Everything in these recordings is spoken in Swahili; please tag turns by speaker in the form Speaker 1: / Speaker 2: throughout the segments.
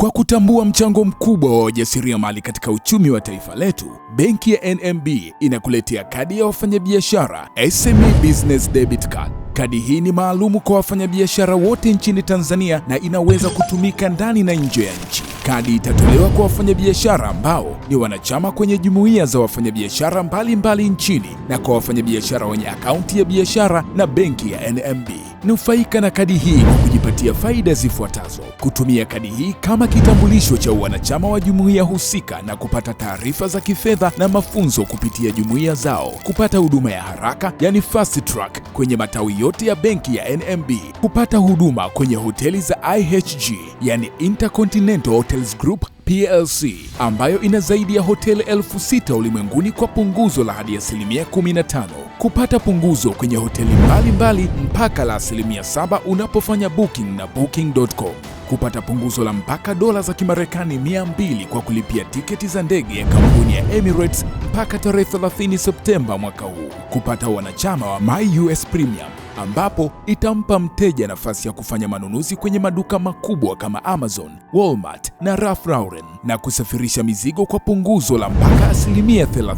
Speaker 1: Kwa kutambua mchango mkubwa wa wajasiriamali katika uchumi wa taifa letu, benki ya NMB inakuletea kadi ya wafanyabiashara SME Business Debit Card. Kadi hii ni maalumu kwa wafanyabiashara wote nchini Tanzania na inaweza kutumika ndani na nje ya nchi. Kadi itatolewa kwa wafanyabiashara ambao ni wanachama kwenye jumuiya za wafanyabiashara mbalimbali nchini na kwa wafanyabiashara wenye akaunti ya biashara na benki ya NMB. Nufaika na kadi hii kwa kujipatia faida zifuatazo: kutumia kadi hii kama kitambulisho cha wanachama wa jumuiya husika na kupata taarifa za kifedha na mafunzo kupitia jumuiya zao, kupata huduma ya haraka yani fast track kwenye matawi yote ya benki ya NMB, kupata huduma kwenye hoteli za IHG yani Intercontinental Hotels Group plc ambayo ina zaidi ya hoteli elfu sita ulimwenguni kwa punguzo la hadi asilimia 15. Kupata punguzo kwenye hoteli mbalimbali mpaka la asilimia saba unapofanya booking na booking.com. Kupata punguzo la mpaka dola za Kimarekani 200 kwa kulipia tiketi za ndege ya kampuni ya Emirates mpaka tarehe 30 Septemba mwaka huu. Kupata wanachama wa My US Premium ambapo itampa mteja nafasi ya kufanya manunuzi kwenye maduka makubwa kama Amazon, Walmart na Ralph Lauren na kusafirisha mizigo kwa punguzo la mpaka asilimia 30.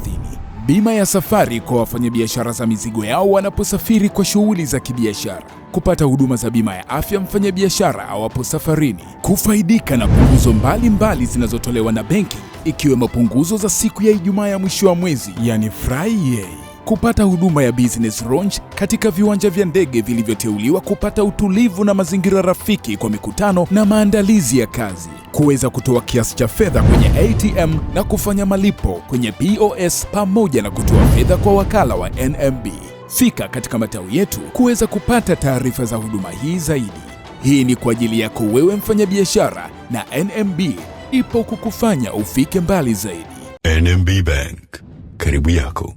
Speaker 1: Bima ya safari kwa wafanyabiashara za mizigo yao wanaposafiri kwa shughuli za kibiashara, kupata huduma za bima ya afya mfanyabiashara awapo safarini, kufaidika na punguzo mbalimbali zinazotolewa na benki ikiwemo punguzo za siku ya Ijumaa ya mwisho wa mwezi, yani Friday kupata huduma ya business launch katika viwanja vya ndege vilivyoteuliwa, kupata utulivu na mazingira rafiki kwa mikutano na maandalizi ya kazi, kuweza kutoa kiasi cha fedha kwenye ATM na kufanya malipo kwenye POS pamoja na kutoa fedha kwa wakala wa NMB. Fika katika matawi yetu kuweza kupata taarifa za huduma hii zaidi. Hii ni kwa ajili yako wewe mfanyabiashara, na NMB ipo kukufanya ufike mbali zaidi.
Speaker 2: NMB Bank karibu yako.